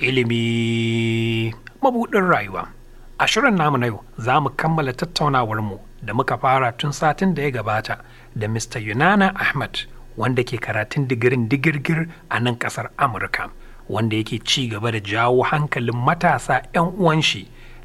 ilimi mabuɗin rayuwa. A shirin namu na yau za mu kammala tattaunawar mu da muka fara tun satin da ya gabata da Mr. Yunana Ahmad wanda ke karatun digirin digirgir a nan ƙasar Amurka wanda yake ci gaba da jawo hankalin matasa 'yan uwan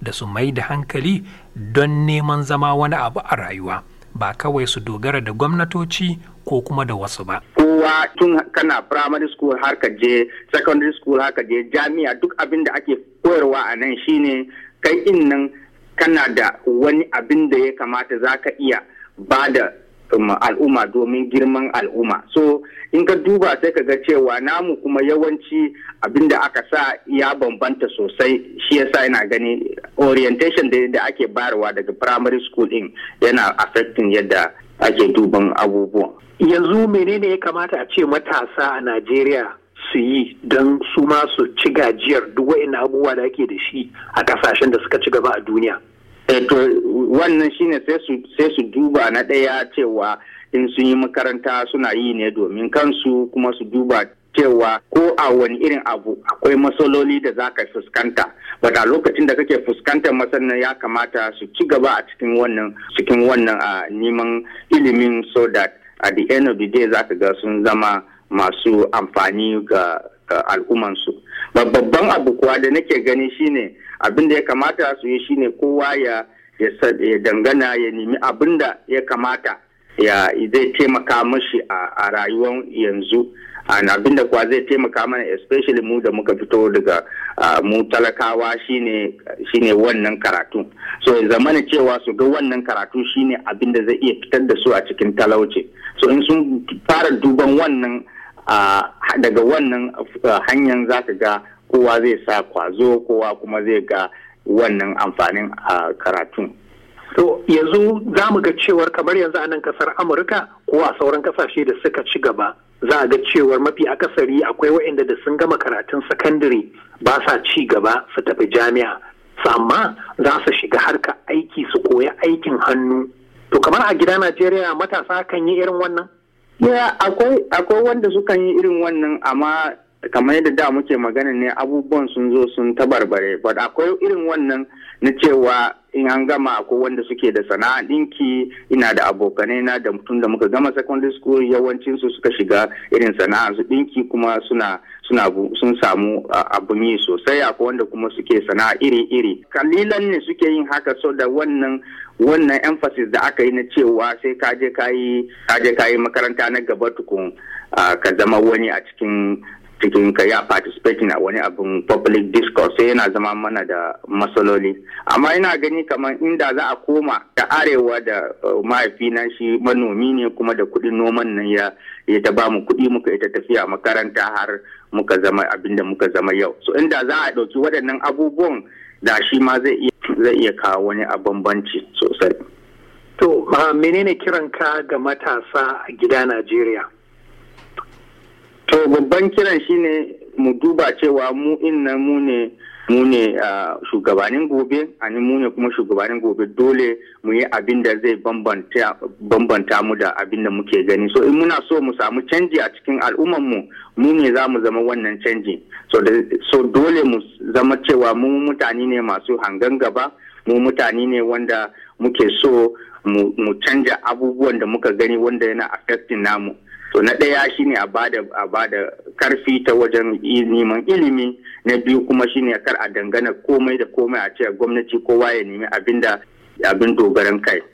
da su mai da hankali don neman zama wani abu a rayuwa. ba kawai su dogara da gwamnatoci ko kuma da wasu ba. Kowa tun kana primary school har ka je secondary school har ka je jami'a duk abin da ake koyarwa a nan shine kai in nan kana da wani abin da ya kamata za ka iya ba da Um, al'umma domin girman al'umma so in ka duba sai ka ga cewa namu kuma yawanci abin da aka sa ya bambanta sosai shi yasa yana gani orientation da ake bayarwa daga primary school din yana affecting yadda ake duban abubuwan yanzu menene ya kamata a ce matasa a najeriya su yi don su ma su ci gajiyar duk abubuwa da ake da shi a kasashen da suka ci gaba a duniya Eh, to wannan shine sai su duba na ɗaya cewa in sun yi makaranta suna yi ne domin kansu kuma su duba cewa ko a wani irin abu akwai matsaloli da za ka fuskanta a lokacin da kake fuskantar masanin ya kamata su ci gaba a cikin wannan cikin wannan a neman ilimin so that at the end of the day za ka ga sun zama masu amfani ga al'ummansu. babban abu kuwa da nake gani shine abin da ya kamata su yi shine kowa ya dangana ya nemi abin da ya kamata ya zai taimaka mashi a rayuwar yanzu abin da kuwa zai taimaka mana especially mu da muka fito daga mu talakawa shine wannan karatu so ya zamana cewa su ga wannan karatu shine abin da zai iya fitar da su a cikin talauci so in sun fara duban wannan daga wannan eh, hanyar za ka ga kowa zai sa kwazo kowa kuma zai ga wannan amfanin a karatun. To yanzu za mu ga cewar kamar yanzu a nan kasar Amurka ko a sauran kasashe da suka ci gaba za a ga cewar mafi akasari akwai waɗanda da sun gama karatun sakandare ba sa ci gaba su tafi jami'a amma za su shiga harka aiki su koya aikin hannu. To kamar a gida Najeriya matasa kan yi irin wannan? akwai wanda sukan yi irin wannan amma kamar yadda da muke magana ne abubuwan sun zo sun tabarbare but akwai irin wannan na cewa in an gama akwai wanda suke da sana'a dinki ina da abokanai na da mutum da muka gama secondary school yawancin su suka shiga irin sana'a su dinki kuma suna sun samu abun yi sosai A wanda kuma suke sana'a iri-iri kalilan ne suke yin haka so da wannan wannan emphasis da aka yi na cewa sai kaje kayi kaje kayi makaranta na gaba tukun ka zama wani a cikin cikin ka ya participating a wani abin public discourse sai yana zama mana da matsaloli amma ina gani kamar inda za a koma da arewa da uh, mahaifina shi manomi ne kuma da kuɗin noman nan ya ya ta bamu kuɗi muka ita tafiya makaranta har muka zama abin da muka zama yau so inda za a ɗauki waɗannan abubuwan da shi ma zai iya kawo wani a bambanci sosai to uh, menene ka ga matasa a gida Najeriya so babban kiran shine mu duba cewa mu inna mu ne mu ne shugabanin gobe ani mu ne kuma shugabanin gobe dole mu yi abin da zai bambanta mu da abin da muke gani so in muna so mu samu canji a cikin al'ummanmu mu ne za mu zama wannan canji so dole mu zama cewa mu mutane ne masu hangen gaba mu mutane ne wanda muke so mu canja abubuwan da muka gani wanda yana affecting namu to na ɗaya shine a bada a bada karfi ta wajen neman ilimi na biyu kuma shine kar a dangana komai da komai a ce gwamnati kowa ya nemi abin da abin dogaran kai